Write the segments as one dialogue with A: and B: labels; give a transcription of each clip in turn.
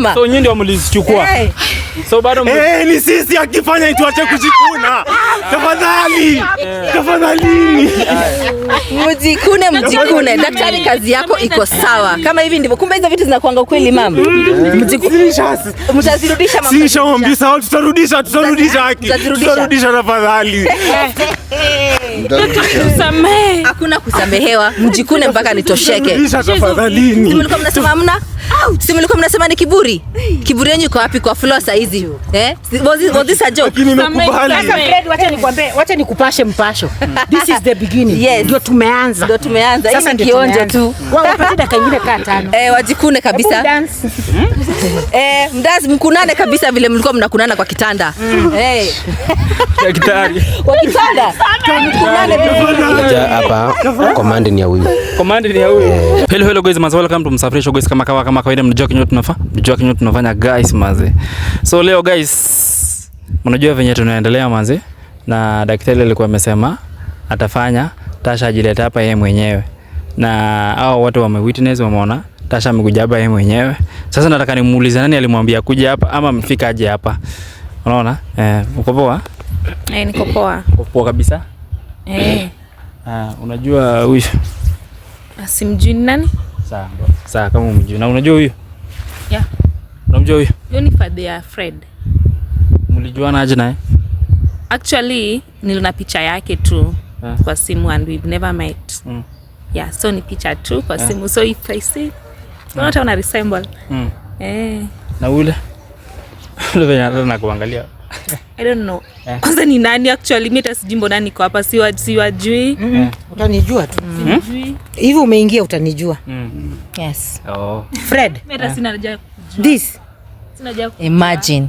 A: mama.
B: So nyinyi ndio mlizichukua. So bado mli...
C: hey, ni sisi akifanya ituache kujikuna. Tafadhali. Tafadhali.
A: Mjikune, mjikune. Daktari, kazi yako iko sawa. Kama hivi ndivyo. Kumbe hizo vitu zinakuanga kweli mama.
C: Mjikune. Mm.
A: Mtazirudisha
C: mama. Sisha ombi sawa, tutarudisha, tutarudisha haki. Tutarudisha tafadhali.
A: Hakuna kusamehewa. Mjikune mpaka nitosheke.
C: Tafadhali.
A: Mlikuwa mnasema hamna? Si mlikuwa mnasema ni kiburi? Kiburi yenu iko wapi kwa floor saa hizi? Eh? Was this a joke?
D: Wacha nikwambie, wacha nikupashe mpasho. This is the beginning. Ndio tumeanza.
A: Ndio tumeanza. Sasa ndio kionjo tu.
D: Wao wapate dakika nyingine kaa tano.
A: Eh, wajikune kabisa. Eh, mdance mkunane kabisa vile mlikuwa mnakunana kwa kitanda. Mm. Eh. Kwa kitanda. Kwa kitanda. Mkunane
E: vizuri. Hapa command ni ya huyu.
B: Command ni ya huyu. Eh. Hello hello guys, welcome to Msafirisho guys kama kawa kama kawaida, mnajua kinyo tunafanya, mnajua kinyo tunafanya guys manze. So leo guys, mnajua venye tunaendelea manze, na daktari alikuwa amesema atafanya Tasha ajileta hapa yeye mwenyewe, na hao watu wame witness, wameona Tasha amekuja hapa yeye mwenyewe. Sasa nataka nimuulize nani alimwambia kuja hapa ama amefika aje hapa? Unaona eh, uko poa
A: eh? Niko poa,
B: Uko poa kabisa eh. eh. Ah, unajua huyu
A: asimjui ah, nani
B: sawa kama umjui. Na unajua huyu yeah, unamjua huyu
A: huyu ni father ya Fred.
B: Mlijuana aje naye?
A: Actually niliona picha yake tu yeah, kwa simu and we've never met mm. Yeah, so ni picha tu kwa yeah, simu so if I see unaona eh. mm. una resemble mm. eh,
B: na ule ule venye na kuangalia
A: I don't know. Yeah. Kwanza ni nani actually? Mimi hata sijui mbona niko hapa, siwajui. Eh.
D: Utanijua tu. Mm. Sijui hivi umeingia utanijua. mm.
A: Yes. Oh. Fred. This. Imagine.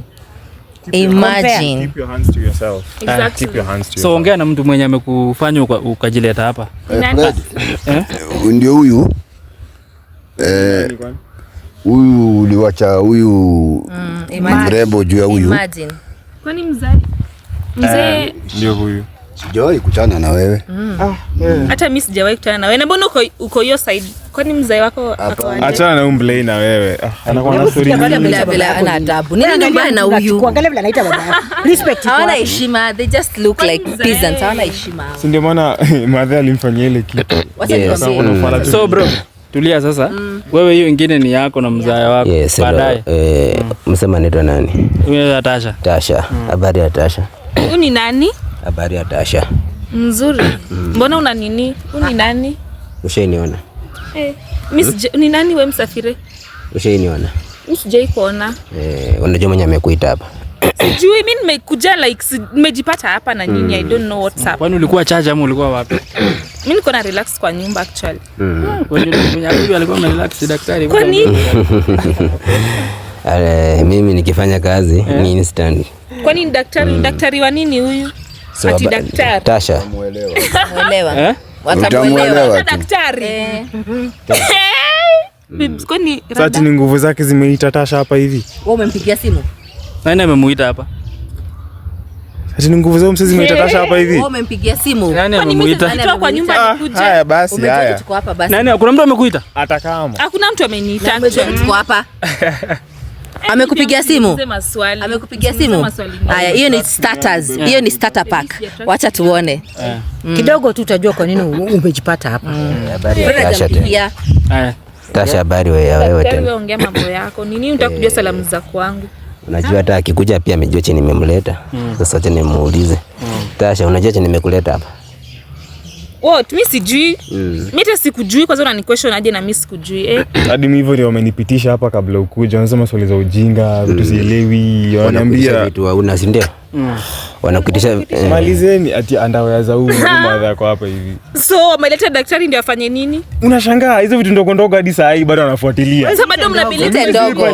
B: So ongea na mtu mwenye amekufanya ukajileta hapa.
F: Eh? Eh, ndio huyu. Eh, huyu uliwacha huyu mm, mrembo juu ya huyu.
G: Kwani mzee? Mzee
B: ndio huyu.
F: Sijawahi kutana na wewe mm.
A: ah, eh. Hata mimi sijawahi kutana na wewe. Na mbona uko uko hiyo side? Kwani mzee wako
B: achana na umble na wewe ah. anakuwa na story
A: nyingi bila bila, ana adabu nini? Ndio maana na huyu kuangalia bila anaita baba respect,
H: hawana heshima, they just look like peasants, hawana heshima.
B: Si ndio maana mzee alimfanyia ile kitu. So bro tulia sasa. Mm. Wewe hiyo ingine ni yako na mzaya wako
F: Yes, baadaye. Eh, mm. msema anaitwa nani?
B: Mimi ni Tasha.
F: Tasha. Mm. Habari ya Tasha.
A: Huyu ni nani?
F: Habari ya Tasha?
A: Mzuri. Mm. Mbona una nini? Uni ah. nani? Ushainiona? Eh, mimi hmm? ni nani wewe msafiri? Ushainiona? Mimi sijai kuona.
F: Eh, unajua mwenye amekuita hapa?
A: Sijui mimi nimekuja like nimejipata hapa na nini, I hmm. don't know what's up.
B: Kwani ulikuwa charge ama ulikuwa wapi?
A: Mimi niko na relax kwa nyumba actually.
B: Hmm. Ah, alikuwa na daktari.
A: Kwa nini?
F: Ale, mimi nikifanya kazi eh. ni instant.
A: Kwani daktari daktari wa nini huyu? So, ati daktari. Tasha. Muelewa. Eh? daktari. Eh. Eh. Mm.
B: ni nguvu zake zimeita Tasha hapa hivi.
A: Wewe umempigia simu?
B: Nani amemuita hapa? Ati ni nguvu zao msee zimeita Tasha hapa hivi. Wewe
A: umempigia simu.
B: Nani amemuita?
A: kwa nyumba nikuje.
B: Ah, haya basi haya. Nani, kuna mtu amekuita? Hata kama.
A: Hakuna mtu ameniita. Tuko hapa. Yaani amekupigia simu, amekupigia simu. Haya, hiyo ni starters, hiyo ni starter pack. Wacha tuone eh.
D: kidogo tu utajua kwa nini umejipata hapa mm.
F: eh, eh. Tasha, habari wewe
A: tena. Ongea mambo yako. Nini unataka salamu za kwangu?
F: Unajua hata akikuja pia amejua chini nimemleta. Mm. Sasa acha nimuulize. Mm. Tasha, unajua chini nimekuleta hapa
A: What? mimi sijui. Mm. Mimi hata sikujui kwanza unani question aje na mimi sikujui. Eh.
B: Hadi mimi hivyo ndio wamenipitisha hapa kabla ukuja. Wanasema maswali za ujinga, mm. vitu sielewi, wananiambia
F: vitu hauna si ndio? Mm. Wanakuitisha. Mm.
B: Malizeni ati andawaya za huyu madha yako hapa hivi.
A: So, wameleta daktari ndio afanye nini?
B: Unashangaa hizo vitu ndogo ndogo hadi saa hii bado wanafuatilia.
A: Sasa bado mnabilite
D: ndogo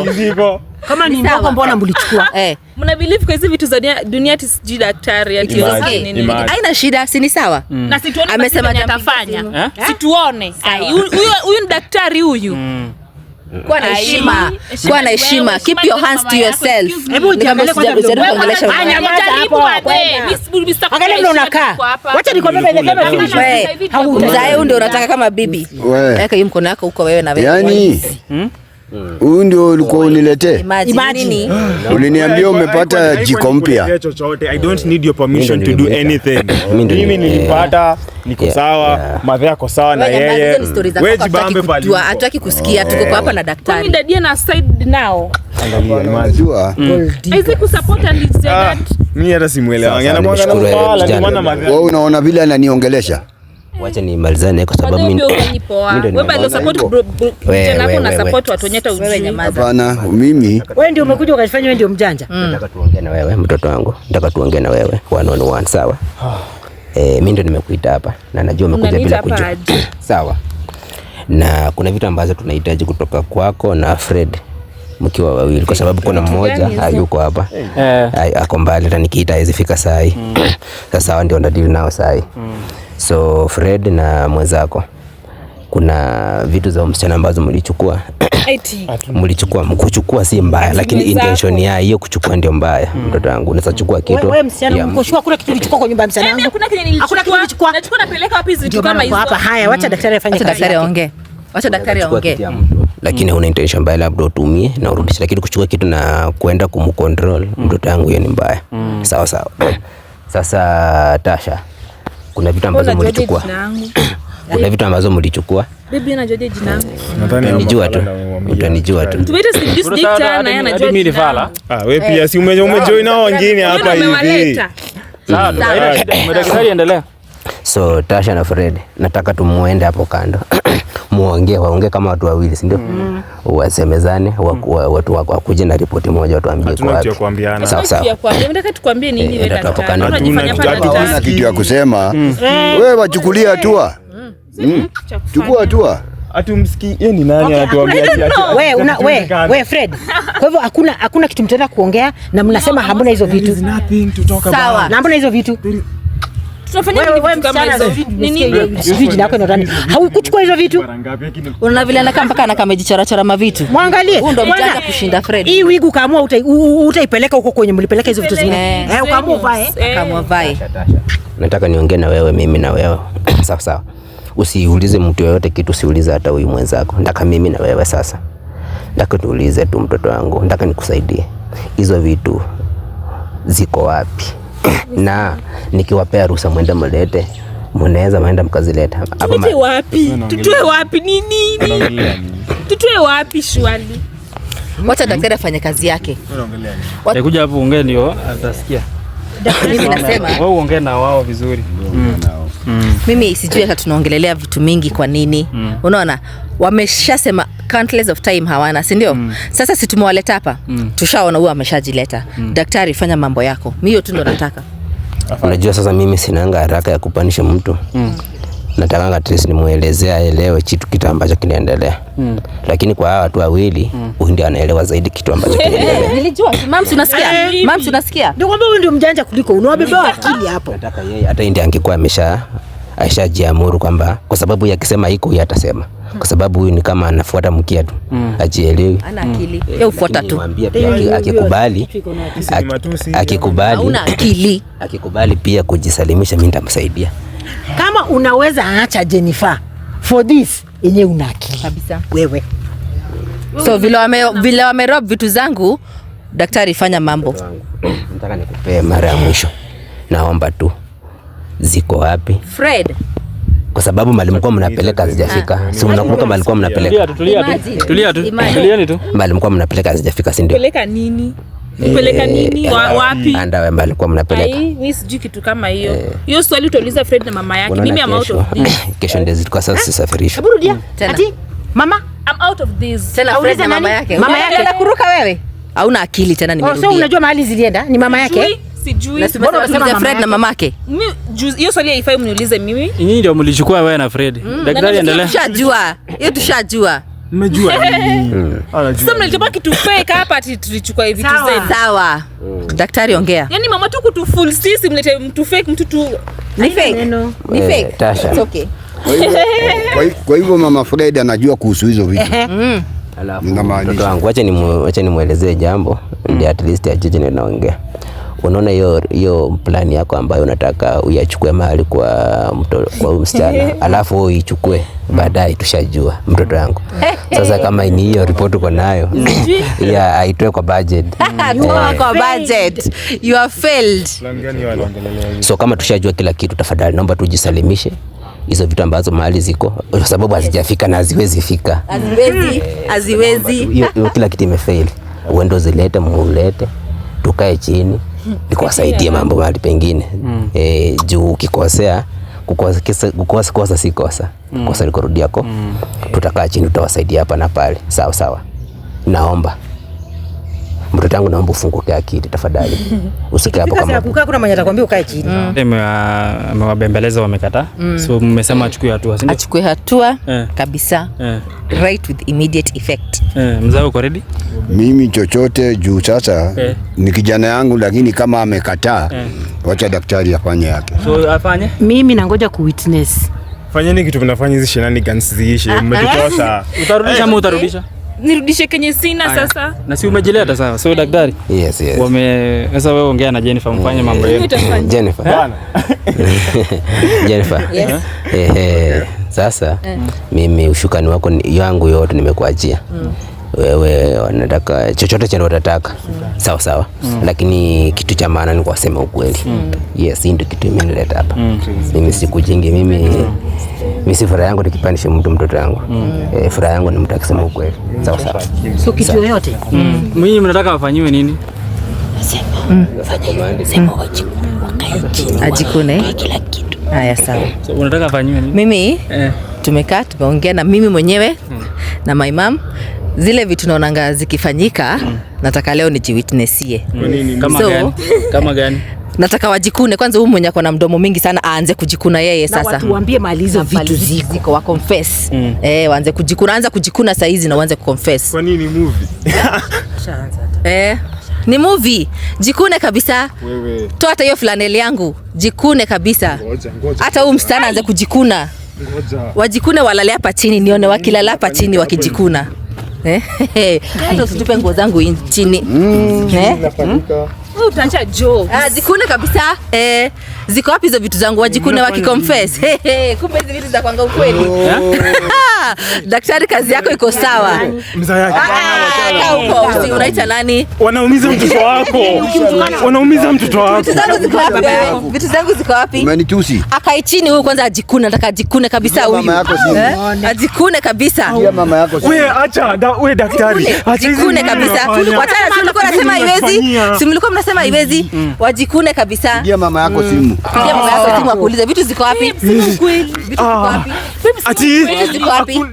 D: kama ni
A: ndogo, mbona mlichukua? Eh, mna believe kwa hizo vitu za dunia ati sijui daktari ati nini? Haina shida, si ni sawa? Mm. Na eh? Eh? situone amesema atafanya, situone huyo huyo ni daktari huyu mm. kuwa na heshima, kuwa na heshima. Keep your hands to yourself. Hebu ujiangalie kwanza vizuri, kuongelesha angalia
D: vile unakaa. Wacha nikwambie venye kama hivi.
A: mzae, huyu ndio unataka kama bibi, weka hiyo mkono wako huko, wewe na
F: wewe yani Hmm. Huyu ndio ulikuwa uniletee, uliniambia umepata jiko mpya.
B: Mimi nilipata, niko sawa, madhe ako sawa na yeye.
A: Hataki kusikia, tuko hapa na daktari
F: unaona vile ananiongelesha wacha ni malizane kwa sababu mimi
A: ndio wewe bado support tena hapo na support watu wenyeta ujui.
F: Hapana, mimi
A: wewe ndio umekuja ukajifanya wewe ndio mjanja.
F: Mm. Nataka tuongee na wewe mtoto wangu, nataka tuongee na wewe one on one, sawa? Ah. Eh, mimi ndio nimekuita hapa na najua umekuja bila kujua, sawa? Na kuna vitu ambazo tunahitaji kutoka kwako na Fred mkiwa wawili kwa sababu kuna mmoja hayuko hapa, eh, ako mbali, na nikiita hizi fika saa hii. Mm. Sasa hao ndio ndio nao saa hii mm. So Fred na mwenzako, kuna vitu za msichana ambazo mlichukua mlichukua mkuchukua si mbaya, lakini intention ya hiyo kuchukua ndio mbaya. Hmm. Mtoto wangu unaweza chukua kitu
A: wewe, msichana mkuchukua, kitu kwa nyumba ya msichana wangu, hakuna nilichukua. Nachukua napeleka wapi kama hizo hapa? Haya, hmm. daktari afanye kazi, daktari aongee, daktari aongee
F: lakini hmm. una intention mbaya, labda utumie na urudishe, lakini kuchukua kitu na kuenda kumcontrol mtoto wangu, hiyo ni mbaya. Sawa sawa. Sasa Tasha kuna vitu ambazo mlichukua kuna vitu ambazo mlichukua utanijua tu, utanijua tu.
B: Ah, wewe pia si umejoin na wengine hapa hivi.
F: So Tasha na Fred, nataka tumuende hapo kando muongee, waongee kama watu wawili, si ndio? mm. mm. Wasemezane, mm. watu wa, wakuje na ripoti moja, watu ambie kwa
B: wapi.
A: Sawa sawa, nataka tukwambie nini eh, wewe,
F: daktari, unajifanya kitu ya kusema mm. Eh. wewe, wachukulie eh. hatua, chukua hatua
B: Atumsiki, yeye ni nani anatuambia ati
A: wewe una wewe wewe Fred. Kwa hivyo hakuna hakuna kitu mtaenda kuongea na mnasema hamna hizo vitu. Sawa. Na hamna hizo vitu. Haukuchukua hizo vitu, unaona vile anakaa mpaka anakaa mavitu. Mwangalie, huyu ndo mjanja kushinda Fred. Hii ukaamua utaipeleka huko kwenye mlipeleka hizo vitu zingine, eh, ukaamua vae. Eh.
F: Nataka niongee na wewe, mimi na wewe, sawa sawa. Usiulize mtu yoyote kitu, usiulize hata huyu mwenzako. Nataka mimi na wewe sasa, nataka tuulize tu, mtoto wangu, nataka nikusaidie, hizo vitu ziko wapi? na nikiwapea ruhusa mwende mlete, mnaweza mwenda mkazileta.
A: Tulete wapi? Tutoe wapi? Nini? Tutoe wapi shwali? Wacha daktari afanye kazi yake.
B: Kuja hapo ongee ndio atasikia.
A: Mimi nasema wewe
B: uongee na wao vizuri.
A: Mimi sijui hata tunaongelelea vitu mingi kwa nini? Mm. Unaona? Wameshasema countless of time hawana, sindio Mm. Sasa situmewaleta hapa mm. Tushaona huo ameshajileta mm. Daktari, fanya mambo yako, mi hiyo tu ndo nataka.
F: Unajua sasa mimi sinanga haraka ya kupanisha mtu mm. natakanga tis nimwelezea elewe chitu kitu ambacho kinaendelea mm. Lakini kwa hawa watu wawili mm. Huyu ndio anaelewa zaidi kitu ambacho kinaendelea. Nilijua
A: unasikia eh, unasikia
D: ndio kwamba huyu ndio mjanja kuliko unawabeba akili hapo.
F: hata angekuwa kwamba kwa sababu yakisema kwa sababu huyu ni kama anafuata mkia tu, mm. ajielewi, ana
A: akili mm. yeye ufuata tu.
F: Akikubali akikubali akikubali pia kujisalimisha, mimi nitamsaidia.
A: Kama unaweza acha Jennifer for this yenye una akili kabisa wewe. So vile wame vile wame rob vitu zangu, daktari, fanya mambo.
F: Nataka nikupee mara ya mwisho, naomba tu, ziko wapi Fred? kwa sababu mali mlikuwa mnapeleka hazijafika, si mnakumbuka? Mali mlikuwa mnapeleka mali mlikuwa mnapeleka hazijafika, si ndio?
A: Peleka nini? Eh, Peleka nini? Eh, eh, wapi?
F: Andawe mali mlikuwa mnapeleka.
A: Mimi sijui kitu kama hiyo. Hiyo swali utauliza Fred na mama yake. Mimi am out of this.
F: Kesho ndio zitakuwa sasa sisafirishwa.
A: Hebu rudia. Mm. Ati mama I'm out of this. Tena Fred na mama yake. Mama yake anakuruka wewe. Hauna akili tena nimerudia. Oh, so unajua mahali zilienda ni mama yake na
B: ndio mlichukua wewe na Fred. Mm. Daktari endelea.
A: Tushajua. tushajua. Mmejua. Mm. Ah, Sasa kitu fake hapa ati tulichukua hivi Sawa. Mm. Daktari ongea. Yaani mama tu kutu full sisi mlete mtu fake mtu tu. Ni fake. Ni eh, fake. It's okay.
F: Kwa hivyo mama Fred anajua kuhusu hizo vitu. mtoto wangu acha nimwelezee jambo ndio at least ajije ninaongea unaona hiyo hiyo plani yako ambayo unataka uyachukue mahali kwa mtoto, kwa msichana alafu wewe uichukue baadaye, tushajua mtoto wangu sasa. Kama ni hiyo ripoti uko nayo ya aitoe kwa budget,
A: you are kwa budget, you are failed.
F: So kama tushajua kila kitu, tafadhali naomba tujisalimishe hizo vitu ambazo mahali ziko kwa sababu hazijafika na haziwezi fika,
A: haziwezi.
F: Eh, kila kitu imefail, Uendo zilete, muulete, tukae chini ni kuwasaidia mambo mahali pengine mm. E, juu ukikosea kukosa, kukosa, kosa si kosa mm. kosa likorudiako mm. tutakaa chini tutawasaidia hapa na pale, sawa sawa, naomba Mtoto wangu naomba ufunguke akili tafadhali. Usikae
A: hapo kama kukaa, kuna mwenye atakwambia ukae chini.
B: Mm. Amewabembeleza wamekataa. Mm. So mmesema achukue hatua, sio
A: Achukue hatua eh. kabisa. Eh. Right with immediate effect.
B: Eh, mzee uko ready?
F: Mimi chochote juu sasa ni kijana yangu, lakini kama amekataa, wacha daktari afanye yake.
B: So afanye?
A: Mimi nangoja ku witness.
B: Fanyeni kitu mnafanya hizi shenanigans ziishe, mmetutosha. Utarudisha ama utarudisha?
A: nirudishe kenye sina sasa.
B: Na si umejileta sawa, sio daktari? Yes, yes. Wame sasa wewe ongea na Jennifer mfanye mambo eh, yenu.
F: Eh, Jennifer. Eh? Bwana. Jennifer. Yes. Eh eh. Sasa mimi ushukani wako yangu yote nimekuachia. Mm. Wewe wanataka chochote cha unataka mm. sawa sawa, mm. lakini kitu cha maana ni kusema ukweli. Yes, hii ndio kitu imenileta hapa. Mimi jingi mimi mimi si furaha yangu nikipandisha mtu mtoto yangu mm. E, furaha yangu ni mtu akisema ukweli sawa sawa.
A: So kitu yoyote
B: mm. mimi mnataka wafanyiwe nini?
A: Mm. Mm. Ajikune kila kitu. Haya, sawa.
B: Unataka afanyiwe nini?
A: Mimi eh. tumekaa tumeongea na mimi mwenyewe mm. na my mom zile vitu naonanga zikifanyika mm. nataka leo nijiwitnessie. Kwa
B: nini? Kama gani? Kama gani?
A: nataka wajikune kwanza. Huyu mwenye ako na mdomo mingi sana aanze kujikuna yeye sasa, na tuambie mali hizo vitu ziko wa confess mm. Eh, waanze kujikuna, anza kujikuna saa hizi na waanze ku confess.
B: Kwa nini movie?
A: Eh, ni movie. Jikune kabisa wewe, toa hata hiyo flaneli yangu, jikune kabisa. Hata huyu msichana aanze kujikuna, Ngoja. wajikune, walale hapa chini, nione wakilala hapa chini wakijikuna. Eh? Hata usitupe nguo zangu chini. Mm. eh? wewe joo. Ah, zikune kabisa. Eh, ziko wapi hizo vitu zangu wajikune wakiconfess? Kumbe hizo vitu za kwanga ukweli. Daktari kazi yako iko sawa. Mzaa ah, unaita nani?
B: Wanaumiza mtoto wako. Wanaumiza mtoto wako. Vitu
A: zangu ziko wapi? Vitu zangu ziko wapi?
F: Umenitusi.
A: Akae chini huyu kwanza ajikune, nataka ajikune kabisa huyu. Mama yako si. Eh? Ajikune kabisa. Ndio mama
B: yako si. Wewe acha, wewe daktari.
A: Ajikune kabisa. Wacha, si mlikuwa nasema haiwezi? Si mlikuwa mnasema kama iwezi wajikune kabisa.
F: Pigia mama yako simu.
A: Pigia mama yako simu akuulize vitu ziko wapi? Simu kweli. Vitu ziko
B: wapi? Ati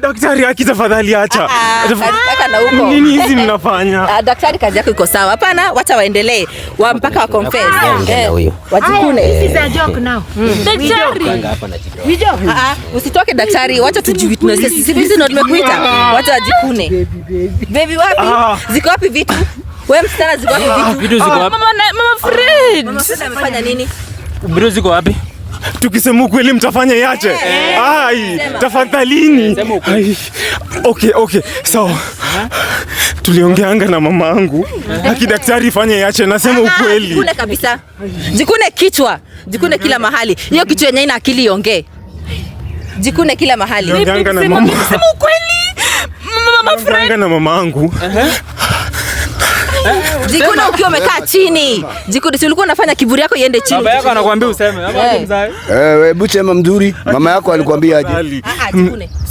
B: daktari aki tafadhali acha. Nataka na huko. Nini hizi mnafanya?
A: Daktari kazi yako iko sawa. Hapana, wacha waendelee. Wa mpaka wa confess. Wajikune. This is a joke now. Daktari. Ni joke. Usitoke daktari, wacha tujiwi tunasema sisi ndio tumekuita. Wacha wajikune. Baby wapi? Ziko wapi vitu? Wewe msichana ziko wapi ah,
B: vitu? Ah, mama
A: Fred. Mama Fred amefanya nini?
B: Bro ziko wapi? Tukisema ukweli mtafanya yache. Eh, eh. Ai, tafadhalini. Okay, okay. So tuliongeanga na mama yangu. Haki eh. daktari ifanye yache, nasema ah, ukweli.
A: Jikune kabisa. Jikune kichwa. Jikune kila mahali. Hiyo kichwa yenyewe ina akili iongee. Jikune kila mahali. Sema ukweli. Mama Fred.
B: Na mama yangu. Uh-huh.
A: Jikuna ukiwa umekaa chini. Jikuna si ulikuwa unafanya kiburi yako iende chini.
B: Baba yako anakuambia useme.
F: Eh, buche mama mzuri. Mama yako alikwambia aje?
A: Ah, ah,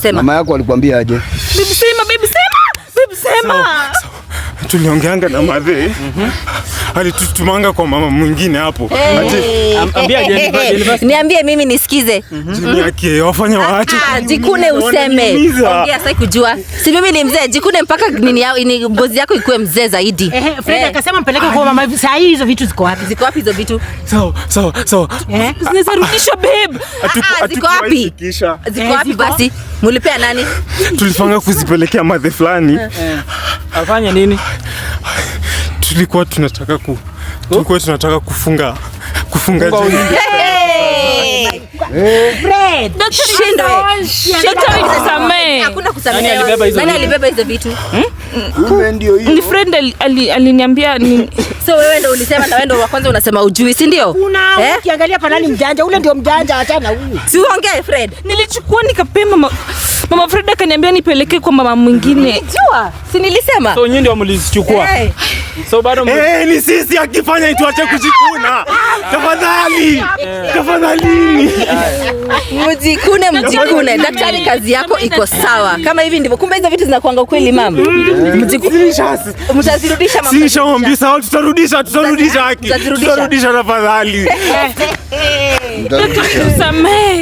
A: sema.
F: Mama yako alikwambia aje?
A: Bibi sema, bibi sema. Bibi sema.
B: Tuliongeanga na madhe. Mhm alitutumanga kwa mama mwingine hapo.
A: Niambie mimi nisikize. Mm-hmm.
B: Jini yake wafanya ah, waache.
A: Ah, jikune useme. Ongea sai kujua. Si mimi ni mzee, jikune mpaka nini yao ni ngozi yako ikue mzee zaidi. Eh, Fred akasema mpeleke kwa mama hivi. hii hizo vitu ziko wapi? Ziko wapi hizo vitu?
B: Sawa, sawa, sawa.
A: Zinaweza eh? ah, rudisha babe. Ziko eh, wapi? Ziko wapi basi? Mulipea nani?
B: Tulifanga kuzipelekea madhe fulani. Eh. Afanye nini? tulikuwa tunataka ku, tulikuwa tunataka kufunga kufunga hmm?
A: Hmm. ni friend aliniambia so wewe ndo ulisema na wewe ndo wa kwanza unasema ujui si ndio eh? ukiangalia mjanja ule ndio mjanja huyu fred nilichukua nikapema mama fred akaniambia kwa mama mwingine si nilisema
B: so nyinyi ndio mlizichukua hey. Eh. So bado
C: eh, ni sisi akifanya ituache kujikuna. Tafadhali. Eh. Tafadhali.
A: Mjikune, mjikune. Daktari, kazi yako iko sawa. Kama hivi ndivyo. Kumbe hizo vitu zinakuanga kweli mama. Eh, mjikune. Mtazirudisha mama.
C: Sisi shaombi sawa, tutarudisha, tutarudisha haki. Tutarudisha tafadhali.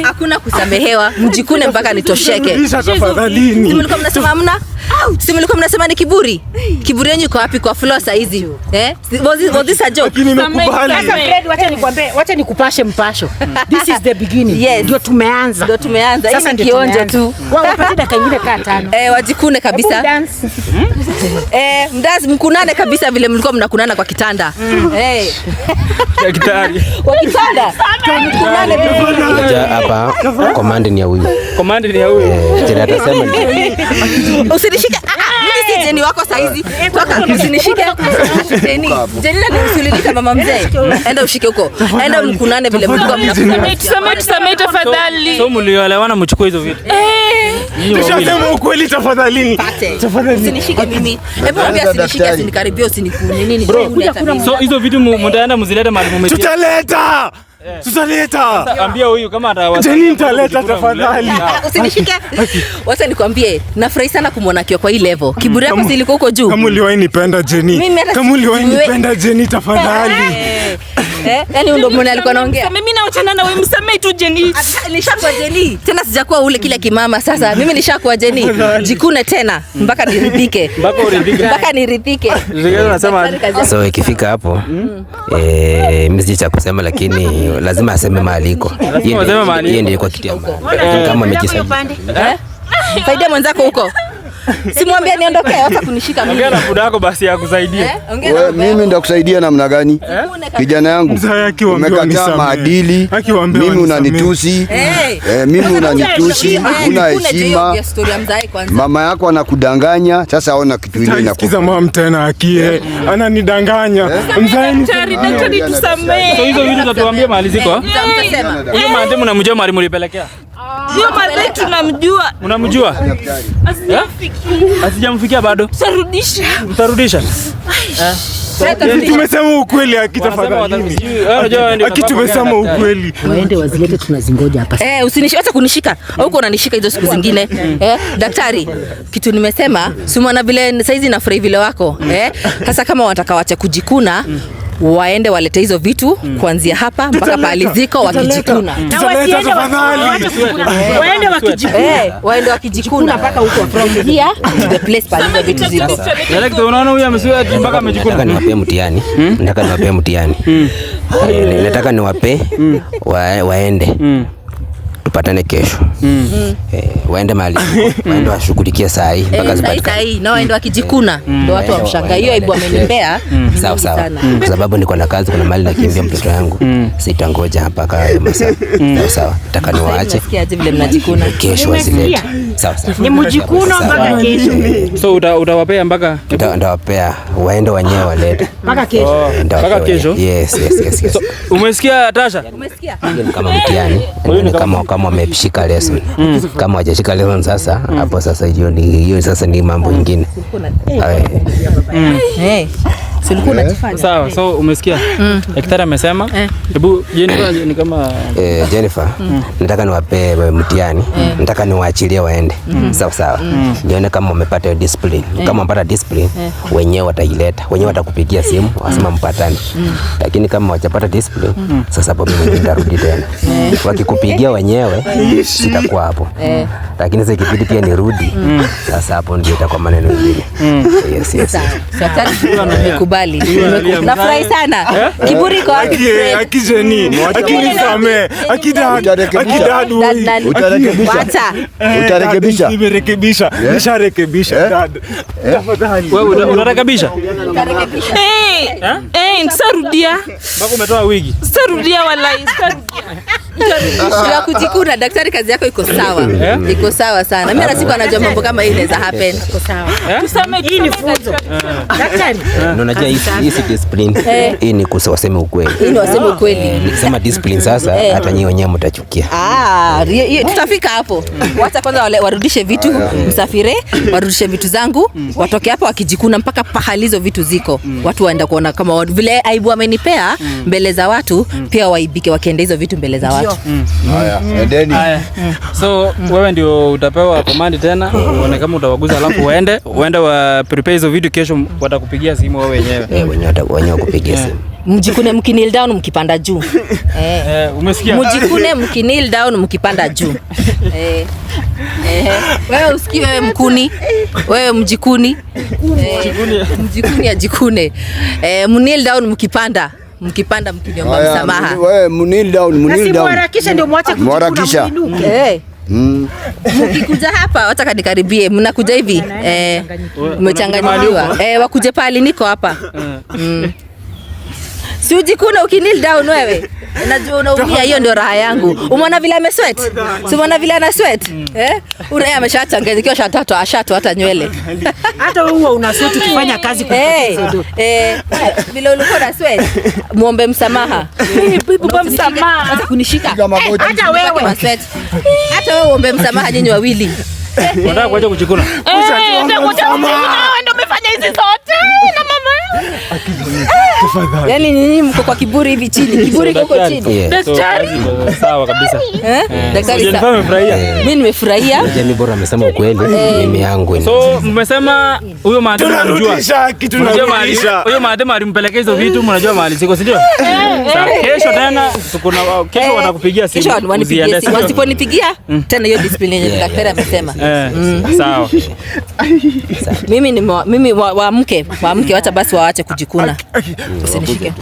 A: Hakuna kusamehewa. Mjikune mpaka nitosheke.
C: Tafadhali.
A: Mlikuwa mnasema hamna? Si mlikuwa mnasema ni kiburi? Kiburi yenyu iko wapi kwa floor hizi? Eh? Was this a joke?
B: Lakini Sasa
D: Fred, wacha nikwambie, wacha nikupashe mpasho. This is the beginning. Yes. Ndio tumeanza. Ndio
A: tumeanza. Sasa ni kionjo tu.
D: Wao wapate dakika nyingine kaa tano.
A: Eh, wajikune kabisa. Eh, mdance mkunane kabisa vile mlikuwa mnakunana kwa kitanda. Mm. Eh.
B: Kwa kitanda.
A: Kwa kitanda. Mkunane
E: hapa. Command ni ya huyu.
B: Command ni ya huyu.
E: Tena eh, atasema
A: usinishike. Ah, ah, mimi si Jeni wako saizi, eh, toka usinishike. Jeni, Jeni na nisulilika mama mzee, enda ushike huko, enda mkunane vile mlikuwa mnakusamea. Tusamee, tusamee tafadhali.
B: So mlioelewana mchukue hizo vitu
C: Tushasema eh. ukweli tafadhalini.
A: Tafadhali. Usinishike mimi. Hebu ambia usinishike, usinikaribie, usinikune nini.
B: So hizo vitu mtaenda mzileta mahali
C: mmesema. Tutaleta. Tutaleta.
B: Eh. Ambia huyu kama
C: atawasaidia. Jeni nitaleta tafadhali. Ah,
A: usinishike. Wacha nikwambie, nafurahi sana kumwona akiwa kwa hii level. Kiburi yako zilikuwa huko juu.
C: Kama uliwahi nipenda Jeni. Kama uliwahi nipenda Jeni tafadhali. Eh, eh,
A: Eh? eh? Yaani ndio mbona alikuwa anaongea. Mimi naachana na wewe, tu Jeni. Nishakuwa Jeni. Tena sijakuwa ule kile kimama sasa. Mimi nishakuwa Jeni. Jikune tena mpaka niridhike.
B: Mpaka uridhike.
A: Mpaka niridhike.
F: Unasema so ikifika hapo hmm. eh, mimi sija kusema lakini lazima aseme mahali iko. Yeye kwa kitu
A: kama eh? mwenzako huko. Simwambie niondoke hata kunishika mimi. Eh,
B: ongea na buda yako basi akusaidie.
F: Wewe mimi kusaidia namna gani? Eh? Kijana yangu.
B: Umekataa
F: maadili. Mimi unanitusi. Eh. eh, mimi unanitusi. Una heshima. Mama yako anakudanganya. Sasa aona kitu ile
B: inakuwa. Sikiza mama tena akie. Ananidanganya.
A: Mzae ni daktari tusamee.
B: Hizo vitu tatuambia mahali ziko. Huyo maandemu na mjomari mlipelekea.
A: Mzee tunamjua.
B: Unamjua? Eh? Asijamfikia bado.
A: Tutarudisha.
B: Tutarudisha.
C: Eh? Tumesema ukweli haki tafadhali. Haki ukweli.
A: Waende wazilete tunazingoja hapa. Eh, usiniache kunishika. Huko unanishika hizo siku zingine. Eh, daktari, kitu nimesema, si umeona vile saizi nafurahi vile wako. Eh, sasa kama wataka wacha kujikuna waende walete hizo vitu mm. kuanzia hapa mpaka paliziko wakijikuna waende wakijikuna eh, mpaka huko from here to the place vitu ziko.
B: Unaona huyu amesua mpaka amejikuna. Hmm?
F: Nataka niwape mtiani hmm. nataka niwape mtihani, hmm. nataka niwape waende tupatane kesho mm. E, waende mali mm. waende washughulikie saa hii
A: eh, mpaka zipatikane saa hii na waende mm. wakijikuna eh, ndio watu wamshangaa. Hiyo aibu amenipea
F: sawa sawa, kwa sababu niko na kazi, kuna mali nakimbia mtoto yangu, sitangoja mpaka hayo masaa sawa sawa, nataka niwaache. mnajikuna, kesho wazilete
A: ni mjikuno mpaka kesho.
B: So utawapea mpaka
F: utawapea waende wenyewe walete
A: mpaka kesho. Oh,
B: mpaka kesho.
F: Yes, yes, yes, So,
B: Umesikia Tasha? Umesikia?
F: Kama mtihani. Kama kama wameshika lesson. Mm. Kama hajashika lesson sasa, mm. hapo sasa hiyo ni hiyo sasa ni mambo mm. mengine.
A: Hey. Hey ulikuwa eh? unajifanya.
B: Sawa, so umesikia mm. daktari amesema, eh. hebu ni kama
F: eh, Jennifer, mm. nataka niwape mtihani, eh. nataka niwaachilie waende. Mm. Sawa sawa, nione kama umepata discipline. Kama umepata discipline, wenyewe wataileta, wenyewe watakupigia simu wasema mpatane, lakini kama hawajapata discipline, sasa hapo mimi nitarudi tena. Wakikupigia wenyewe sitakuwa hapo, lakini sasa ikipidi pia nirudi, sasa hapo ndio itakuwa maneno mengine. Yes, yes
A: nimekubali. Nafurahi sana. Eh? Kiburi kwa
C: Akijeni, akinisame, akidadu.
A: Utarekebisha.
C: Eh, utarekebisha. Nimerekebisha. Eh? Nisharekebisha
B: Wewe unarekebisha?
A: Eh, eh, sarudia.
B: Bako umetoa wigi.
A: Sarudia wallahi, sarudia. ya kujikuna daktari, kazi yako iko sawa, eh? iko sawa sana. Mimi na anajua mambo kama hii inaweza happen. Iko sawa, eh? tuseme hii ni funzo eh.
F: daktari. Ndio hii si discipline, hii ni kusema ukweli,
A: hii ni waseme ukweli.
F: Nikisema discipline sasa, hata nyinyi wenyewe mtachukia.
A: Ah, tutafika hapo. Wacha kwanza warudishe vitu, ah, msafire warudishe vitu zangu, watoke hapo wakijikuna mpaka pahali hizo vitu ziko, watu waenda kuona kama vile aibu amenipea mm. mbele za watu, pia waibike wakienda hizo vitu mbele za watu. Mm. Mm.
B: Mm. Eh, so wewe ndio utapewa komandi tena, uone kama utawaguza, alafu uende uende wa prepare hizo video. Kesho watakupigia simu wewe wenyewe,
F: eh, wenyewe wakupigia eh. simu.
A: Mjikune mkinil down mkipanda juu eh, Eh, umesikia? Mjikune mkinil down mkipanda juu eh, eh, wewe usikii, wewe mkuni, wewe mjikuni, mjikuni eh, ajikune, eh, mnil down mkipanda mkipanda mkiniomba msamaha.
F: Wewe munil down, munil down.
A: Mwarakisha ndio mwache kuchukua mwinuke. Eh. Mm. Mkikuja hapa wataka nikaribie, mnakuja hivi eh, umechanganyikiwa eh, wakuje pale niko hapa mm. Si ujikuna ukinil down wewe. Najua unaumia, hiyo ndio raha yangu. Umeona vile ame sweat? Si umeona vile ana sweat? Eh? Una ameshachanganyikiwa shatatu ashatu hata nywele. Hata huo una sweat ukifanya kazi kwa kitu. Eh, eh, vile ulikuwa na sweat. Muombe msamaha. Muombe msamaha. Hata kunishika. Eh, hata wewe. sweat, Hata wewe uombe msamaha nyinyi wawili.
B: Unataka kuacha eh, kuchikuna? Ndio umefanya hizi zote. Yaani nyinyi mko kwa kiburi hivi chini, kiburi kiko chini. Daktari. Sawa kabisa. Eh? Eh. Daktari sawa. Nimefurahia. Eh. Mimi nimefurahia. Jamii bora amesema ukweli, mimi yangu ni. So mmesema huyo maadema anajua. Kitu tunarudisha. Huyo maadema alimpelekea hizo vitu, mnajua mahali siko, si ndio? Sasa kesho tena kuna kesho wanakupigia simu. Kesho wanipigia simu. Wasiponipigia mm. tena hiyo discipline yenye daktari amesema. Mm. Sawa. Mimi ni mimi wa mke, wa mke wacha basi waache kujikuna. Usinishike.